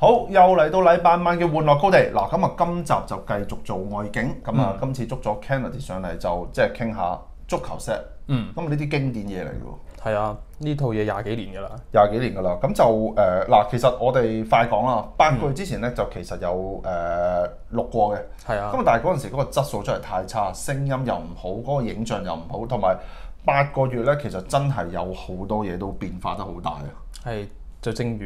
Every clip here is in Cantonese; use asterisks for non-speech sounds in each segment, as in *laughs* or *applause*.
好，又嚟到禮拜晚嘅玩樂高地嗱，咁啊今集就繼續做外景，咁啊、嗯、今次捉咗 Kennedy 上嚟就即係傾下足球 set, s 石，嗯，咁呢啲經典嘢嚟㗎喎，係啊，呢套嘢廿幾年㗎啦，廿幾年㗎啦，咁就誒嗱、呃，其實我哋快講啦，八個月之前咧、嗯、就其實有誒錄過嘅，係、呃、啊，咁但係嗰陣時嗰個質素真係太差，聲音又唔好，嗰、嗰個影像又唔好，同埋八個月咧其實真係有好多嘢都變化得好大啊，係，就正如。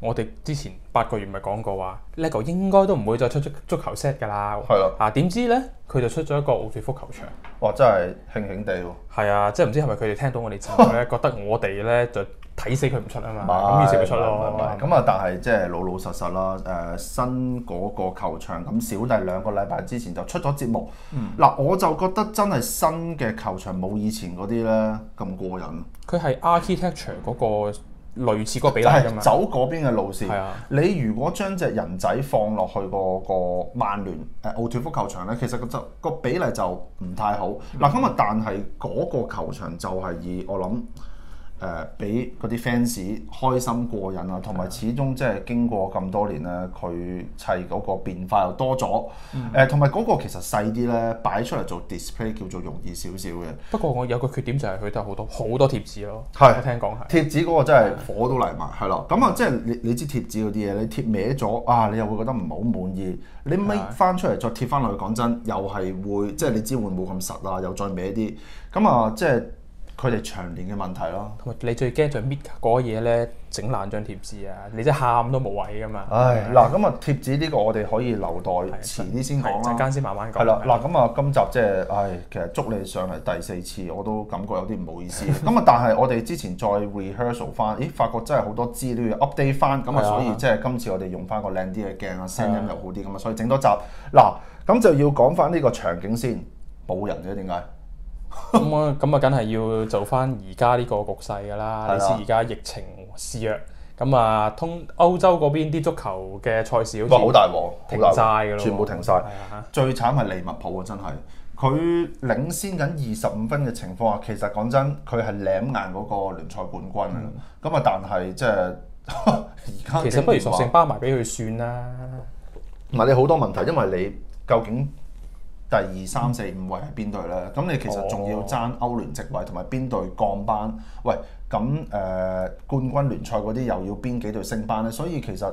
我哋之前八個月咪講過話，LEGO 應該都唔會再出足足球 set 㗎啦。係啦的，啊點知咧佢就出咗一個奧脫福球場。哇！真係慶慶地喎。係啊，即係唔知係咪佢哋聽到我哋查咧， *laughs* 覺得我哋咧就睇死佢唔出啊嘛。咁意思佢出咯。咁啊，但係即係老老實實啦。誒，新嗰個球場咁，小弟兩個禮拜之前就出咗節目。嗱、嗯，我就覺得真係新嘅球場冇以前嗰啲咧咁過癮。佢係 *laughs* architecture 嗰、那個。類似嗰個比例㗎嘛，走嗰邊嘅路線，的你如果將隻人仔放落去個曼聯誒奧脫福球場咧，其實個就個比例就唔太好。嗱咁啊，但係嗰個球場就係以我諗，誒俾嗰啲 fans 開心過癮啊，同埋始終即係經過咁多年咧，佢砌嗰個變化又多咗。誒同埋嗰個其實細啲咧，擺出嚟做 display 叫做容易少少嘅。不過我有個缺點就係佢都有好多好多貼紙咯。係是，我聽講係貼紙嗰個真係火都嚟埋，係咯的。咁啊，即係你你知貼紙嗰啲嘢，你貼歪咗啊，你又會覺得唔係好滿意。你咪翻出嚟再貼翻落去，講真又係會即係、就是、你知會冇咁實啊，又再歪啲。咁啊、就是，即係。佢哋長年嘅問題咯、啊，同埋你最驚就搣嗰嘢咧，整爛張貼紙啊！你真喊都冇位噶嘛。唉，嗱咁啊，貼紙呢個我哋可以留待遲啲先講啦。陣間先慢慢講。係啦的，嗱咁啊，今集即、就、係、是，唉，其實祝你上嚟第四次，我都感覺有啲唔好意思。咁啊的，但係我哋之前再 rehearsal 翻，咦，發覺真係好多資料要 update 翻，咁啊的，所以即係今次我哋用翻個靚啲嘅鏡啊，聲音又好啲，咁啊，所以整多集。嗱，咁就要講翻呢個場景先，冇人嘅點解？咁啊，咁啊，梗係要做翻而家呢個局勢㗎啦。你知而家疫情肆虐，咁啊，通歐洲嗰邊啲足球嘅賽事好似好大鑊，停晒㗎喇，全部停晒。啊、最慘係利物浦啊，真係佢領先緊二十五分嘅情況下，其實講真，佢係舐硬嗰個聯賽冠軍啊。咁啊、嗯，但係即係而家其實不如索性包埋俾佢算啦。唔係、嗯，你好多問題，因為你究竟？第二三四五位係邊隊咧？咁你其實仲要爭歐聯席位，同埋邊隊降班？喂，咁誒、呃、冠軍聯賽嗰啲又要邊幾隊升班咧？所以其實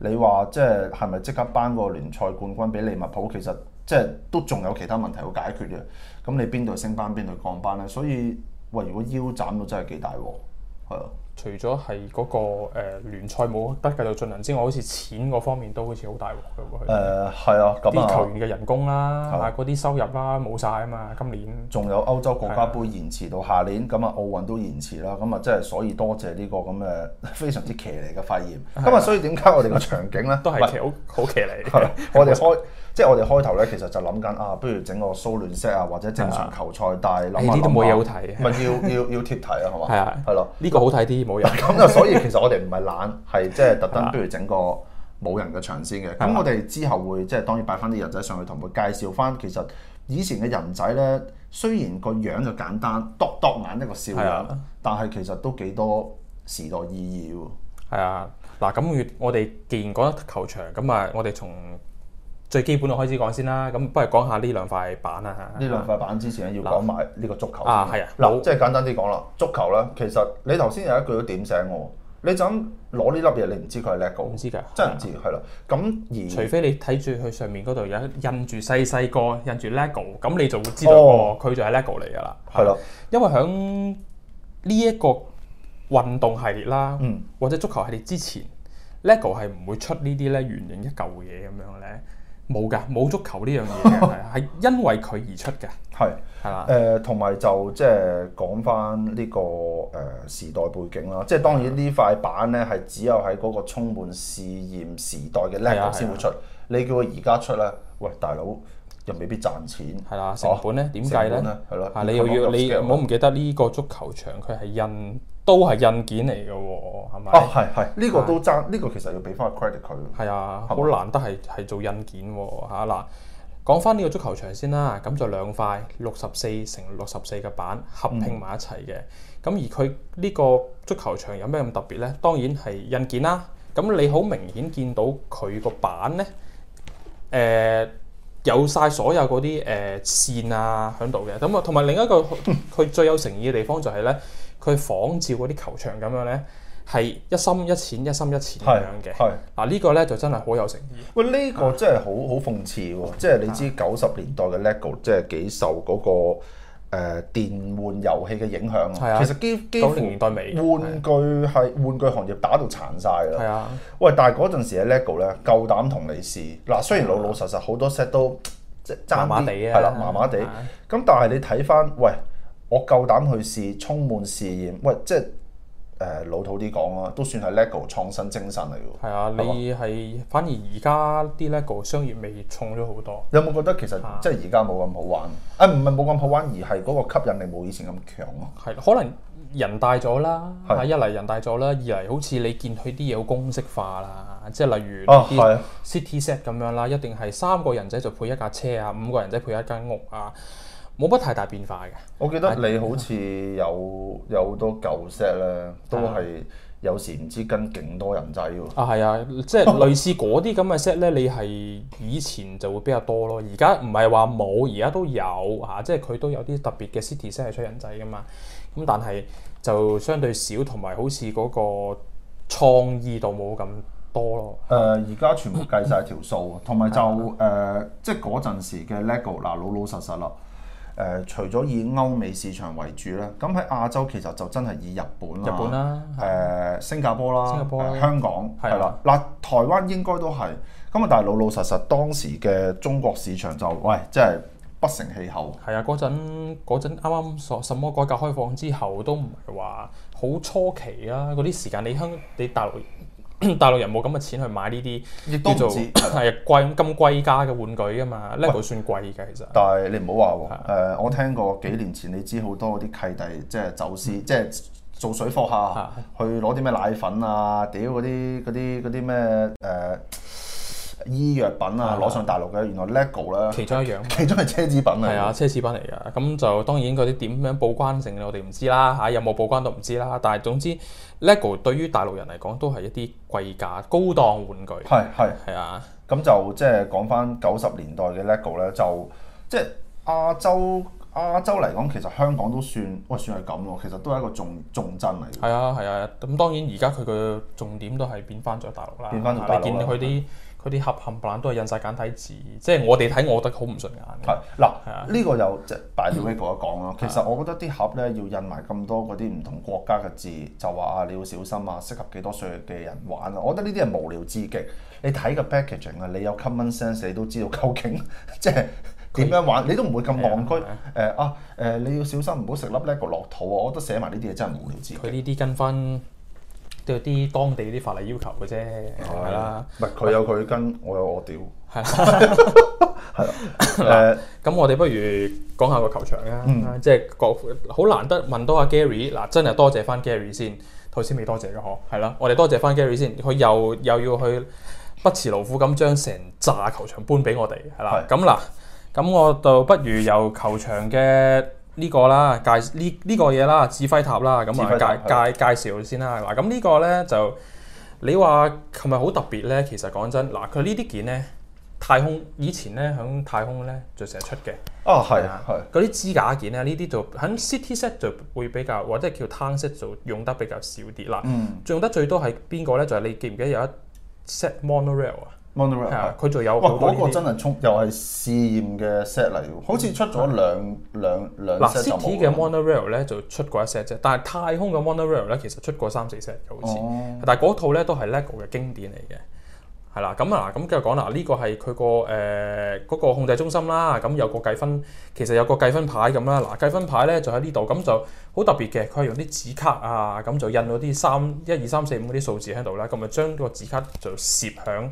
你話即係係咪即刻頒個聯賽冠軍俾利物浦？其實即係都仲有其他問題要解決嘅。咁你邊隊升班，邊隊降班咧？所以喂，如果腰斬到真係幾大喎，係啊！除咗係嗰個誒、呃、聯賽冇得繼續進行之外，好似錢嗰方面都好似好大鑊嘅喎。誒係、呃、啊，啲、啊、球員嘅人工啦、啊，同埋嗰啲收入啦冇晒啊嘛，今年。仲有歐洲國家杯延遲到下年，咁啊、嗯、奧運都延遲啦，咁啊即係所以多謝呢個咁嘅非常之騎呢嘅肺炎。咁啊，所以點解我哋個場景咧都係騎好好騎呢？我哋開。即係我哋開頭咧，其實就諗緊啊，不如整個蘇聯式 e 啊，或者正常球賽，的但係諗下啊，唔係要要要貼題啊，係嘛？係啊，係咯，呢個好睇啲冇人。咁就所以其實我哋唔係懶，係即係特登，不如整個冇人嘅場先嘅。咁我哋之後會即係、就是、當然擺翻啲人仔上去同佢介紹翻，其實以前嘅人仔咧，雖然個樣就簡單，耷耷眼一個笑樣的，但係其實都幾多時代意義喎。係啊，嗱咁我哋既然講得球場，咁啊我哋從最基本嘅開始講先啦，咁不如講下呢兩塊板啊。呢兩塊板之前咧、嗯、要講埋呢個足球啊，係啊，嗱，即係簡單啲講啦。足球咧，其實你頭先有一句都點醒我，你就咁攞呢粒嘢，你唔知佢係 LEGO。唔知㗎，真係唔知係啦。咁而除非你睇住佢上面嗰度有印住細細個印住 LEGO，咁你就會知道哦，佢、哦、就係 LEGO 嚟㗎啦。係咯、啊，啊、因為喺呢一個運動系列啦，嗯、或者足球系列之前，LEGO 係唔會出呢啲咧圓形一嚿嘢咁樣咧。冇噶，冇足球呢樣嘢嘅，係 *laughs* 因為佢而出嘅，係係啦。誒吧，同埋、呃、就即係講翻呢個誒、呃、時代背景啦。即係當然呢塊板咧，係只有喺嗰個充滿試驗時代嘅叻佬先會出。啊啊、你叫佢而家出咧，喂大佬！又未必賺錢，係啦，成本咧點計咧？係咯，你又要你唔好唔記得呢個足球場佢係印都係印件嚟嘅喎，係咪？啊，係係，呢個都爭，呢個其實要俾翻個 credit 佢。係啊，好難得係係做印件喎嗱。講翻呢個足球場先啦，咁就兩塊六十四乘六十四嘅板合拼埋一齊嘅。咁而佢呢個足球場有咩咁特別咧？當然係印件啦。咁你好明顯見到佢個板咧，誒。有晒所有嗰啲誒線啊，喺度嘅咁啊，同埋另一個佢最有誠意嘅地方就係、係、咧，佢仿照嗰啲球場咁樣咧，係一深一淺，一深一淺咁樣嘅。係嗱、啊呢個、呢個咧就真係好有誠意。喂，呢個真係好好諷刺喎！啊、即係你知九十年代嘅 LEGO 即係幾受嗰、嗰個。誒、呃、電玩遊戲嘅影響、啊，啊、其實基幾乎玩具係玩具行業打到殘晒啦。係啊，喂！但係嗰陣時嘅 LEGO 咧，夠膽同你試嗱，雖然老老實實好多 set 都即係、啊、了麻麻地，係啦、啊，麻麻地。咁但係你睇翻，喂，我夠膽去試，充滿試驗，喂，即係。誒、老土啲講啊，都算係 LEGO 創新精神嚟喎。係啊，你係吧反而而家啲 LEGO 商業味重咗好多。有冇覺得其實即係而家冇咁好玩？誒、唔係冇咁好玩，而係嗰個吸引力冇以前咁強咯。係、啊，可能人大咗啦。係、啊、一嚟人大咗啦，啊、二嚟好似你見佢啲嘢好公式化啦，即係例如啲 city set 咁樣啦，啊啊、一定係三個人仔就配一架車啊，五個人仔配一間屋啊。冇乜太大變化嘅。我記得你好似有 *laughs* 有好多舊 set 咧，都係有時唔知跟勁多人仔喎。啊，係啊，即係類似嗰啲咁嘅 set 咧，你係以前就會比較多咯。而家唔係話冇，而家都有啊，即係佢都有啲特別嘅 city set 係出人仔噶嘛。咁但係就相對少，同埋好似嗰個創意度冇咁多咯。誒、呃，而家全部計曬條數，同埋 *laughs* 就誒，即係嗰陣時嘅 lego 嗱老老實老實啦。誒除咗以歐美市場為主啦，咁喺亞洲其實就真係以日本、日本啦、啊、誒、呃、新加坡啦、啊啊呃、香港係、啊、啦，嗱台灣應該都係。咁啊，但係老老實實當時嘅中國市場就喂，即係不成氣候。係啊，嗰陣嗰陣啱啱所什麼改革開放之後，都唔係話好初期啊，嗰啲時間你香你大陸。大陸人冇咁嘅錢去買呢啲叫做係 *coughs* 貴金貴價嘅玩具㗎嘛，呢個喂算貴嘅其實。但係你唔好話喎，誒，我聽過幾年前，你知好多嗰啲契弟即係走私，的即係做水貨客，的去攞啲咩奶粉啊，屌嗰啲嗰啲嗰啲咩誒。醫藥品啊，攞上大陸嘅，原來 LEGO 啦，其中一樣，其中係奢侈品啊，係啊，奢侈品嚟㗎，咁就當然佢啲點樣報關性嘅，我哋唔知啦，嚇有冇報關都唔知啦，但係總之 LEGO 對於大陸人嚟講都係一啲貴價高檔玩具，係係係啊，咁就即係講翻九十年代嘅 LEGO 咧，就即係亞洲亞洲嚟講，其實香港都算喂、哎、算係咁咯，其實都係一個重重鎮嚟嘅。係啊係啊，咁、啊、當然而家佢嘅重點都係變翻咗大陸啦，變翻大陸，你見佢啲。嗰啲盒冚唪唥都係印晒簡體字，即係我哋睇，我覺得好唔順眼。嗱，呢的個又即係大少一哥講咯。嗯、其實我覺得啲盒咧要印埋咁多嗰啲唔同國家嘅字，就話啊你要小心啊，適合幾多歲嘅人玩啊。我覺得呢啲係無聊至極。你睇個 packaging 啊，你有 common sense 你都知道究竟即係點樣玩，也你都唔會咁戇居。誒誒的啊誒，你要小心唔好食粒 lego 落肚啊！我覺得寫埋呢啲嘢真係無聊至極。佢呢啲跟翻。都有啲當地啲法例要求嘅啫，係啦。唔係佢有佢根，但我有我有我屌，係啦，係啦。誒，咁我哋不如講下個球場啦，嗯、即係個好難得問到阿 Gary、啊。嗱，真係多謝翻 Gary 先，頭先未多謝嘅嗬。係啦，我哋多謝翻 Gary 先，佢又又要去不辭勞苦咁將成炸球場搬俾我哋，係啦。咁嗱，咁我就不如由球場嘅。呢個啦，介呢呢個嘢啦，指揮塔啦，咁、嗯、啊介介介紹先啦，嗱，咁呢個咧就你話係咪好特別咧？其實講真，嗱佢呢啲件咧太空以前咧響太空咧就成日出嘅。哦，係啊，嗰啲的的支架件咧，呢啲就喺 City Set 就會比較，或者叫 Town Set 就用得比較少啲啦。嗯。用得最多係邊個咧？就係、是、你記唔記得有一 Set Monorail 啊？係啊，佢仲有哇！嗰個真係充又係試驗嘅 set 嚟喎，好似出咗兩、嗯、兩兩 set 咁多。嗱 City 嘅 Monorail 咧就出過一 set 啫，但係太空嘅 Monorail 咧其實出過三四 set 又好似，哦、但係嗰套咧都係 LEGO 嘅經典嚟嘅係啦。咁啊咁，繼續講啦。呢個係佢個誒嗰個控制中心啦。咁、嗯、有個計分，其實有個計分牌咁啦。嗱、嗯嗯，計分牌咧就喺呢度咁就好特別嘅，佢係用啲紙卡啊，咁就印咗啲三一二三四五啲數字喺度啦。咁咪將個紙卡就攝響。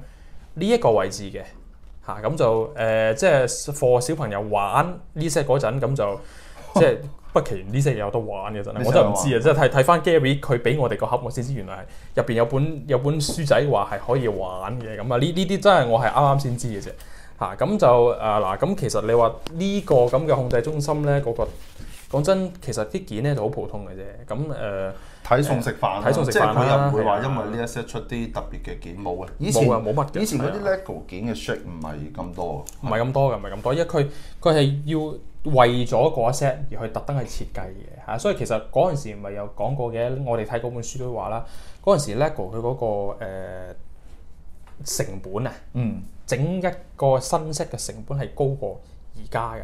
呢一個位置嘅嚇咁就誒、呃，即係俾小朋友玩呢 set 嗰陣咁就 *laughs* 即係不其然呢 set 嘢有得玩嘅真係，我都唔知啊！即係睇睇翻 Gary 佢俾我哋個盒，我先知原來係入邊有本有本書仔話係可以玩嘅咁啊！呢呢啲真係我係啱啱先知嘅啫嚇咁就誒嗱咁其實你話呢個咁嘅控制中心咧嗰個。講真，其實啲件咧就好普通嘅啫。咁誒，睇餸食飯、啊，睇餸食飯佢又唔會話因為呢一 set 出啲特別嘅件冇啊。以前冇乜，以前嗰啲 LEGO 件嘅 set 唔係咁多，唔係咁多嘅，唔係咁多。因為佢佢係要為咗嗰 set 而去特登去設計嘅嚇、啊。所以其實嗰陣時唔係有講過嘅，我哋睇嗰本書都話啦，嗰陣時 LEGO 佢嗰個、呃、成本啊，嗯，整一個新 set 嘅成本係高過而家嘅。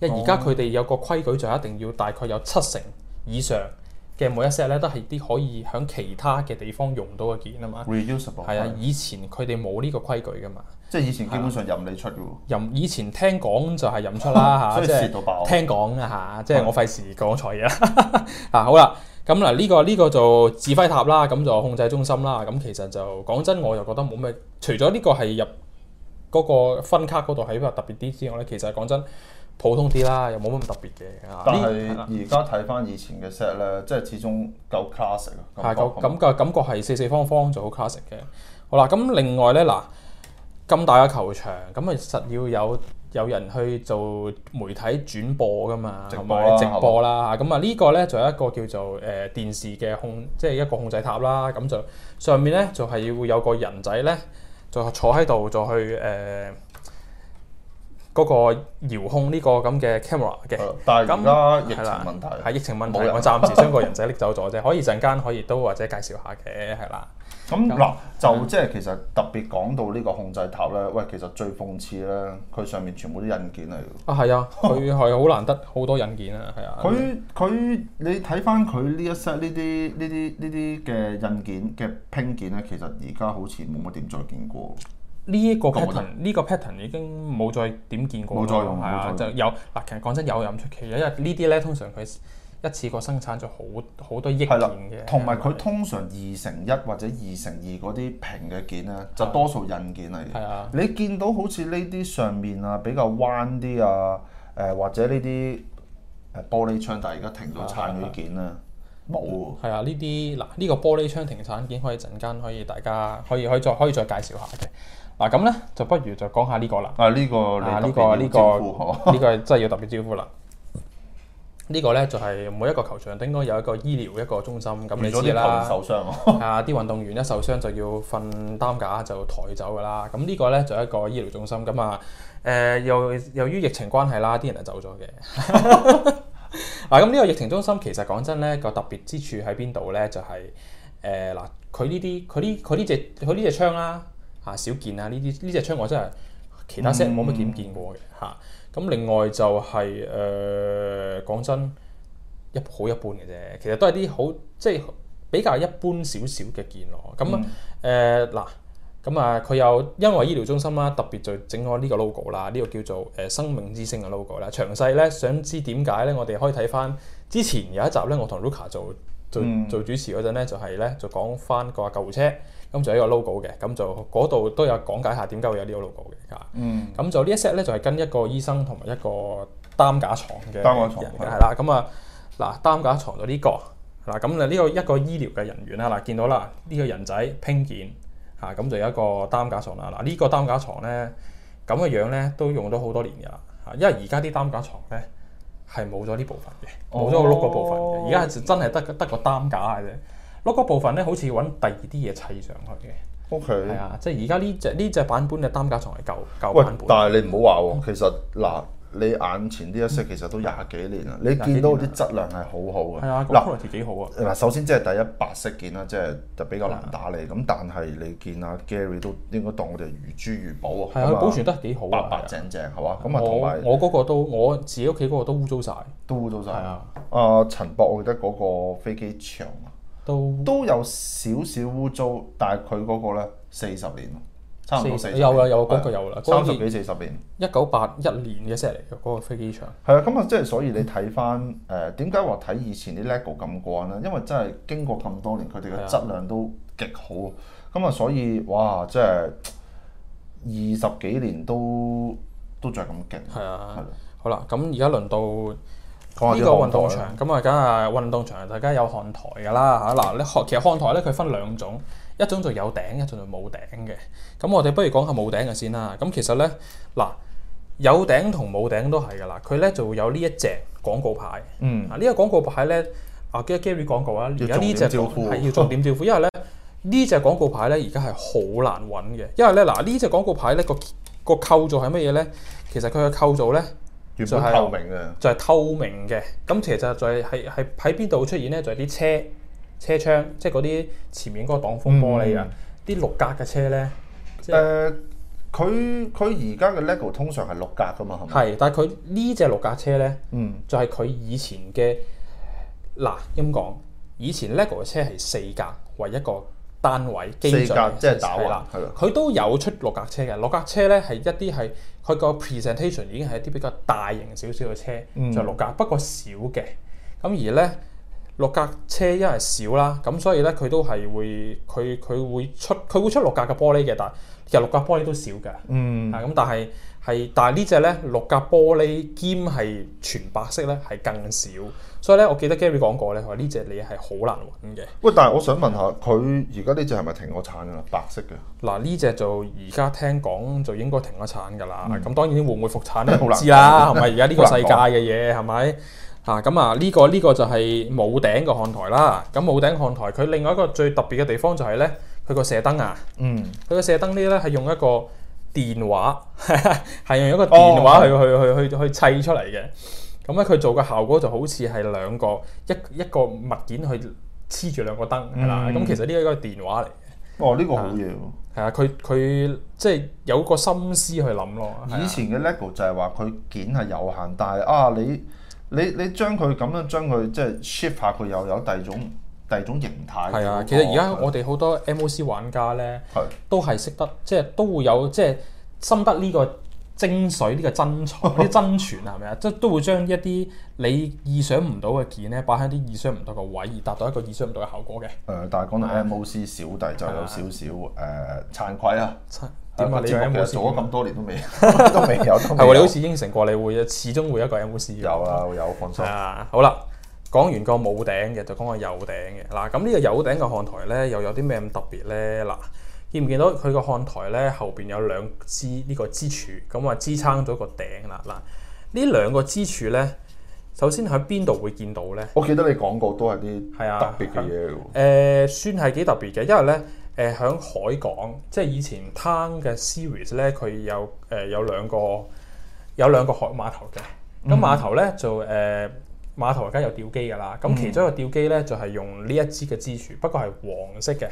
因而家佢哋有個規矩，就一定要大概有七成以上嘅，每一 set 咧，都係啲可以喺其他嘅地方用到嘅件啊嘛。Reusable，係啊，以前佢哋冇呢個規矩噶嘛。即係以前基本上任你出喎。任以前聽講就係任出啦嚇，即係聽講嘅即係我費事講錯嘢啦。啊 *laughs* 好啦，咁嗱呢個呢、呢個就指揮塔啦，咁就控制中心啦。咁其實就講真，我就覺得冇咩，除咗呢個係入嗰個分卡嗰度係比較特別啲之外咧，其實講真。普通啲啦，又冇乜咁特別嘅。但係而家睇翻以前嘅 set 咧，即係始終夠 classic 啊的。係，咁嘅感覺係四四方方就好 classic 嘅。好啦，咁另外咧嗱，咁大嘅球場，咁咪實要有有人去做媒體轉播噶嘛，同埋直、啊、直播啦咁啊的呢個咧就有一個叫做誒、呃、電視嘅控，即係一個控制塔啦。咁就上面咧就係、是、會有個人仔咧，就坐喺度就去誒。呃嗰個遙控呢個咁嘅 camera 嘅，咁而家疫情問題係疫情問題，我暫時將個人仔拎走咗啫， *laughs* 可以陣間可以都或者介紹下嘅，係啦。咁嗱就即係其實特別講到呢個控制塔咧，喂，其實最諷刺咧，佢上面全部啲印件嚟。啊，係啊，佢係好難得好多印件啊，係啊。佢佢你睇翻佢呢一 set 呢啲呢啲呢啲嘅印件嘅拼件咧，其實而家好似冇乜點再見過。呢一個 pattern，呢個 pattern 已經冇再點見過啦，係啊，就有嗱，其實講真有又唔出奇嘅，因為呢啲咧通常佢一次過生產咗好好多億件嘅，同埋佢通常二乘一或者二乘二嗰啲平嘅件咧，就多數印件嚟嘅。係啊，你見到好似呢啲上面啊比較彎啲啊，誒、呃、或者呢啲誒玻璃窗，但係而家停咗產嗰件啊冇。係啊，呢啲嗱呢個玻璃窗停產件可以陣間可以大家可以可以再可以再介紹下嘅。嗱咁咧，啊、就不如就講下呢個啦。啊，呢、呢個呢、呢個呢、呢個呢、呢個真係要特別招呼啦。 *laughs* 個呢個咧就係、係、每一個球場都應該有一個醫療一個中心。咁你知啦。受傷 *laughs* 啊！啲運動員一受傷就要瞓擔架就抬走噶啦。咁 *laughs* 呢個咧就係、一個醫療中心咁啊。誒、呃、由由於疫情關係啦，啲人就走咗嘅。嗱咁呢個疫情中心其實講真咧、個特別之處喺邊度咧？就係誒嗱，佢呢啲佢呢佢呢隻佢呢隻窗啦。啊，少見啊！呢啲呢隻窗外真係其他 set 冇乜點見過嘅嚇。咁、嗯啊、另外就係誒講，真一好一般嘅啫。其實都係啲好即係比較一般少少嘅見咯。咁誒嗱咁啊，佢、啊、又、啊、因為醫療中心啦、啊，特別就整咗呢個 logo 啦，呢、這個叫做誒、呃、生命之星嘅 logo 啦。詳細咧想知點解咧，我哋可以睇翻之前有一集咧，我同 Luka 做做做，做主持嗰陣咧，就係咧就講翻個救護車。咁就一個 logo 嘅，咁就嗰度都有講解下點解會有呢個 logo 嘅嚇。咁、嗯、就呢一 set 咧，就係跟一個醫生同埋一個擔架床嘅人嘅，係啦。咁、嗯、啊，嗱擔架床就呢、呢個嗱，咁啊呢個一個醫療嘅人員啦，嗱見到啦呢個人仔拼件嚇，咁就有一個擔架床啦。嗱呢個擔架床咧咁嘅樣咧，都用咗好多年㗎啦嚇，因為而家啲擔架床咧係冇咗呢部分嘅，冇咗、哦、個轆個部分嘅，而家就真係得得個擔架嘅啫。攞嗰部分咧，好似揾第二啲嘢砌上去嘅。O K，係啊，即係而家呢隻呢隻版本嘅擔架床係舊舊版本。喂，但係你唔好話喎，其實嗱，你眼前呢一些其實都廿幾年啦，你見到啲質量係好好嘅。係啊，quality 幾好啊。嗱，首先即係第一白色件啦，即係就比較難打理。咁但係你見阿 Gary 都應該當我哋如珠如寶啊。係啊，佢保存得幾好，白白淨淨係嘛。咁啊，同埋我我嗰個都我自己屋企嗰個都污糟晒。都污糟晒。係啊，阿陳博，我記得嗰個飛機場。都都有少少污糟，但係佢嗰個咧四十年，差唔多四有啦有個有啦，三十幾四十年，一九八一年嘅 set 嚟嘅，嗰個飛機場。係啊，咁啊，即係所以你睇返誒，點解話睇以前啲 lego 咁慣咧？因為真係經過咁多年，佢哋嘅質量都極好。咁啊的，所以哇，即係二十幾年都都仲係咁勁。係啊的，係啦的。好啦，咁而家輪到。呢個運動場咁啊，梗係運動場，大家有看台㗎啦嚇嗱，你看，其實看台咧佢分兩種，一種就係有頂，一種就冇頂嘅。咁我哋不如講下冇頂嘅先啦。咁其實咧嗱，有頂同冇頂都係㗎啦。佢咧就會有呢一隻廣告牌，嗯，呢個廣告牌咧啊 Gary 廣告啊，而家呢隻廣告牌要重點招呼，招呼因為咧呢隻廣告牌咧而家係好難揾嘅，因為咧嗱呢隻廣告牌咧個個構造係乜嘢咧？其實佢嘅構造咧。呢原本係透明嘅、就係，就係、係、透明嘅，咁其實就係係係喺邊度出現咧？就係、係、啲車車窗，即係嗰啲前面嗰個擋風玻璃啊，啲、嗯嗯、六格嘅車咧。誒、就係，佢佢而家嘅 LEGO 通常係六格噶嘛，係咪？係，但係佢呢隻六格車咧，嗯，就係佢以前嘅嗱咁講，以前 LEGO 嘅車係四格為一個。單位機上即係打滑，係咯，佢的都有出六格車嘅，六格車咧係一啲係佢個 presentation 已經係一啲比較大型少少嘅車，就、嗯、六格，不過少嘅。咁而咧六格車因為少啦，咁所以咧佢都係會佢佢會出佢會出六格嘅玻璃嘅，但其實六格玻璃都少嘅，嗯啊咁，但係係但係呢隻咧六格玻璃兼係全白色咧係更少。所以咧，我記得 Gary 講過咧，佢話呢隻你係好難揾嘅。喂，但係我想問下，佢而家呢隻係咪停咗產噶啦？白色嘅。嗱呢隻就而家聽講就應該停咗產噶啦。咁當然會唔會復產咧？好難知啦，係咪而家呢個世界嘅嘢係咪？嚇咁啊！呢個呢個就係冇頂嘅看台啦。咁冇頂看台，佢另外一個最特別嘅地方就係咧，佢個射燈啊，嗯，佢個射燈呢咧係用一個電話，係用一個電話去去去去去砌出嚟嘅。咁咧，佢做嘅效果就好似係兩個一一,一個物件去黐住兩個燈啦。咁、嗯、其實呢一個電話嚟嘅。哦，呢個好嘢喎！係啊，佢佢即係有個心思去諗咯。以前嘅 LEGO 就係話佢件係有限，但係啊，你你你，你將佢咁樣將佢即係 ship 下，佢又有第二種第二種形態。係啊，其實而家我哋好多 MOC 玩家咧，的都係識得即係都會有即係深得呢個。精髓呢個珍藏、呢真傳啊，係咪啊？即係都會將一啲你意想唔到嘅件咧，擺喺啲意想唔到嘅位，而達到一個意想唔到嘅效果嘅。誒，但係講到 MOC 小弟就有少少誒慚愧啊！點解你 MOC 做咗咁多年都未，都未有，係你好似應承過你會，始終會一個 MOC。有啊，有，放心。啊，好啦，講完個冇頂嘅，就講個有頂嘅。嗱，咁呢個有頂嘅看台咧，又有啲咩咁特別咧？嗱。見唔見到佢個看台咧？後邊有兩支呢、這個支柱，咁話支撐到個頂啦。嗱，呢兩個支柱咧，首先喺邊度會見到咧？我記得你講過都係啲特別嘅嘢喎。誒，算係幾特別嘅，因為咧，誒、呃，響、呃、海港，即係以前攤嘅 series 咧，佢有誒、呃、有兩個有兩個海碼頭嘅。咁碼、嗯、頭咧就誒碼、呃、頭而家有吊機噶啦。咁其中一個吊機咧就係、是、用呢一支嘅支柱，不過係黃色嘅。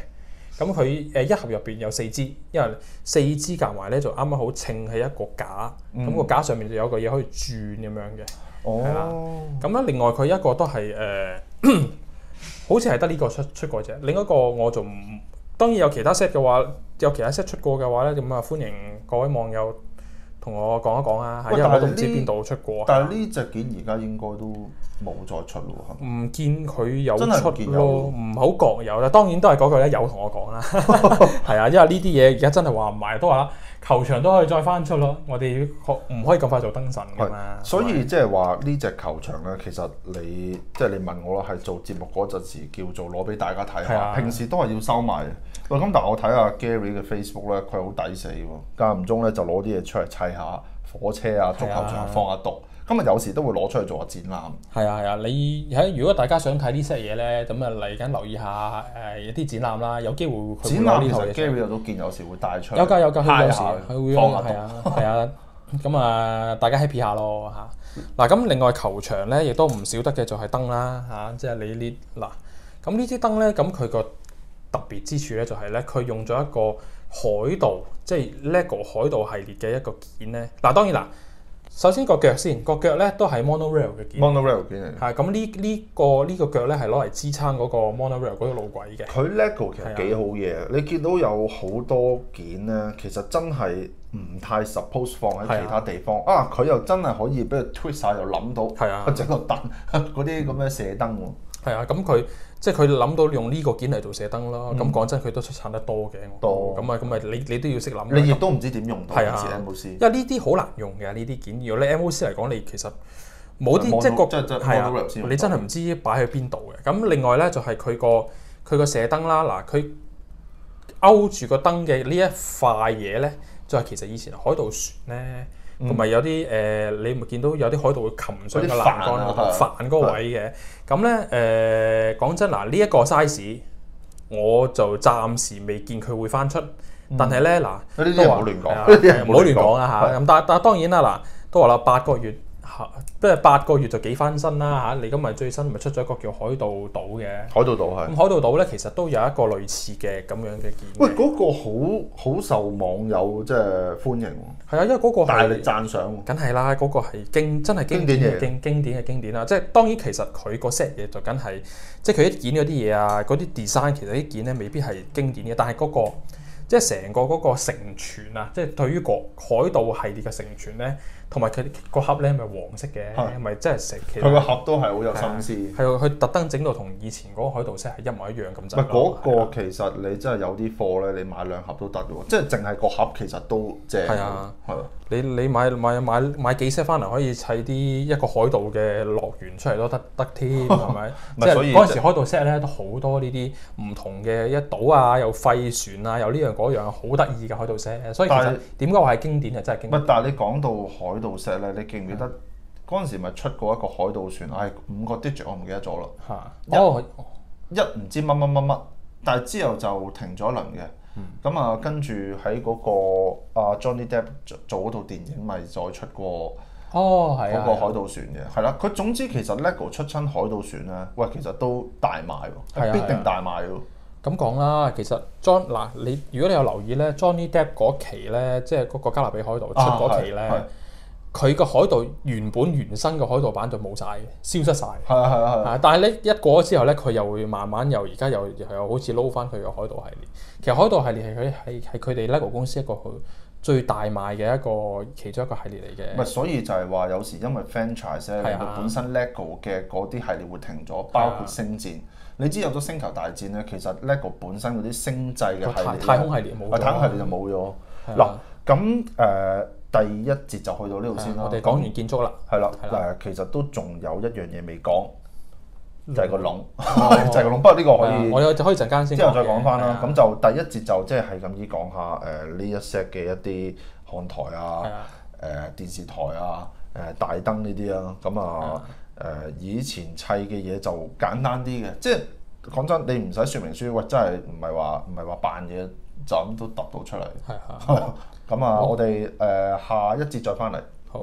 咁佢誒一盒入邊有四支，因為四支夾埋咧就啱啱好稱係一個架，咁個、嗯、架上面就有個嘢可以轉咁樣嘅，係啦、哦。咁咧另外佢一個都係誒、呃， *coughs* 好似係得呢個出出過啫。另一個我仲，唔，當然有其他 set 嘅話，有其他 set 出過嘅話咧，咁啊歡迎各位網友。同我講一講啊，喂因為我都唔知邊度出過。但係呢吧隻件而家應該都冇再出、嗯、出咯，唔見佢有出件咯，唔好講有啦。當然都係嗰句咧，有同我講啦，係啊，因為呢啲嘢而家真係話唔埋都話球場都可以再翻出咯，我哋唔可以咁快做燈神噶嘛。所以即係話呢隻球場咧，其實你即係、即係、你問我係做節目嗰陣時叫做攞俾大家睇下，啊、平時都係要收埋。喂，咁但係我睇下 Gary 嘅 Facebook 咧，佢好抵死喎，間唔中咧就攞啲嘢出嚟砌下火車啊，足球場放下毒。咁啊，今日有時都會攞出去做個展覽。係啊，係啊，你喺如果大家想睇呢些嘢咧，咁啊嚟緊留意下誒、呃、一啲展覽啦。有機會，會展覽其實機會都見，有時會帶出有。有架有架，有時佢會放下。係啊，係啊，咁、嗯、啊，大家 happy 下咯嚇。嗱，咁另外球場咧，亦都唔少得嘅就係燈啦嚇。即、啊、係、就係、你、啊、呢嗱，咁呢啲燈咧，咁佢個特別之處咧，就係咧，佢用咗一個海盜，即、就、係、係、LEGO 海盜系列嘅一個件咧。嗱、啊啊，當然嗱、啊。首先個腳先，個腳咧都係 monorail 嘅件。monorail 件嚟嘅，係，咁呢呢個呢個腳咧係攞嚟支撐嗰個 monorail 嗰條路軌嘅。佢 lego 其實幾好嘢，是的 你見到有好多件咧，其實真係唔太 suppose 放喺其他地方是的 啊！佢又真係可以俾佢 twist 曬，又諗到係是的 啊，整個燈嗰啲咁嘅射燈喎。係啊，咁佢。即係佢諗到用呢個件嚟做射燈咯，咁講真佢都出產得多嘅。多，咁啊，咁啊，你你都要識諗。你亦都唔知點用到。啲 M 因為呢啲好難用嘅，呢啲件，如果呢 M O C 嚟講，你其實冇啲即係個係啊，你真係唔知擺喺邊度嘅。咁另外咧就係佢個佢個射燈啦，嗱佢勾住個燈嘅呢一塊嘢咧，就係其實以前海盜船咧。同埋有啲誒、嗯呃，你咪見到有啲海盜會擒上個欄杆嗰、啊、個位嘅，咁咧誒講真嗱，呢、這、一個 size 我就暫時未見佢會翻出，但係咧嗱都唔說好亂講，唔好的亂講啊嚇！咁的但但當然啦嗱，都話啦八個月。嚇，即係八個月就幾翻新啦嚇！你今日最新咪出咗一個叫《海盜島》嘅，嗯《海盜島》係。咁《海盜島》咧其實都有一個類似嘅咁樣嘅件。喂，嗰個好好受網友即係歡迎喎。係啊，因為嗰個大力讚賞。梗係啦，嗰個係真係經典嘅經經典嘅經典啦。即係當然其實佢個 set 嘢就梗係，即係佢啲件嗰啲嘢啊，嗰啲 design 其實啲件咧未必係經典嘅，但係嗰個。即係成個嗰個承傳啊！即係對於個海盜系列嘅承傳咧，同埋佢個盒咧係咪黃色嘅？係咪即係成？佢個盒都係好有心思。係啊，佢特登整到同以前嗰個海盜 set 係一模一樣咁，就唔係嗰個，其實你真係有啲貨咧，你買兩盒都得喎。即係淨係個盒其實都正。係啊。係。你你買買買買幾 set 翻嚟可以砌啲一個海盜嘅樂園出嚟都得得添，係咪？即係嗰時海盜 set 咧都好多呢啲唔同嘅一島啊，有廢船啊，有呢樣嗰樣好得意嘅海盜石，所以其實點解話係經典嘅，真係經典。唔係，但係你講到海盜石咧，你記唔記得嗰陣時咪出過一個海盜船？係五個 digit，我唔記得咗啦。係的。一唔、哦、知乜乜乜乜，但係之後就停咗一輪嘅。嗯。咁啊、嗯，跟住喺嗰個阿 Johnny Depp 做嗰套電影，咪再出過哦，嗰個海盜船嘅，係啦、哦。佢的的總之其實 LEGO 出親海盜船咧，喂，其實都大賣喎，係必定大賣嘅。的咁講啦，其實 John 嗱，你如果你有留意咧，Johnny Depp 嗰期咧，即係嗰個加勒比海盜、啊、出嗰期咧，佢個海盜原本原生嘅海盜版就冇晒，消失晒。係啊係啊係啊！但係咧一過咗之後咧，佢又會慢慢又而家又又好似撈翻佢個海盜系列。其實海盜系列係佢係係佢哋 Lego 公司一個佢最大賣嘅一個其中一個系列嚟嘅。唔係，所以就係話有時因為 franchise 咧的，佢本身 Lego 嘅嗰啲系列會停咗，包括星戰。你知有咗星球大戰咧，其實《LEGO》本身嗰啲星際嘅系列，太空系列冇，太空系列就冇咗。嗱咁誒第一節就去到呢度先啦。我哋講完建築啦，係啦，誒其實都仲有一樣嘢未講，就係個籠，就係個籠。不過呢個可以，我我就可以陣間先，之後再講翻啦。咁就第一節就即係係咁樣講下誒呢一 set 嘅一啲看台啊、誒電視台啊、誒大燈呢啲啊。咁啊。誒、呃、以前砌嘅嘢就簡單啲嘅，即係講真，你唔使說明書，喂、欸，真係唔係話唔係話扮嘢，就咁都揼到出嚟。係啊，咁好、嗯、啊，好我哋誒、呃、下一節再翻嚟。好。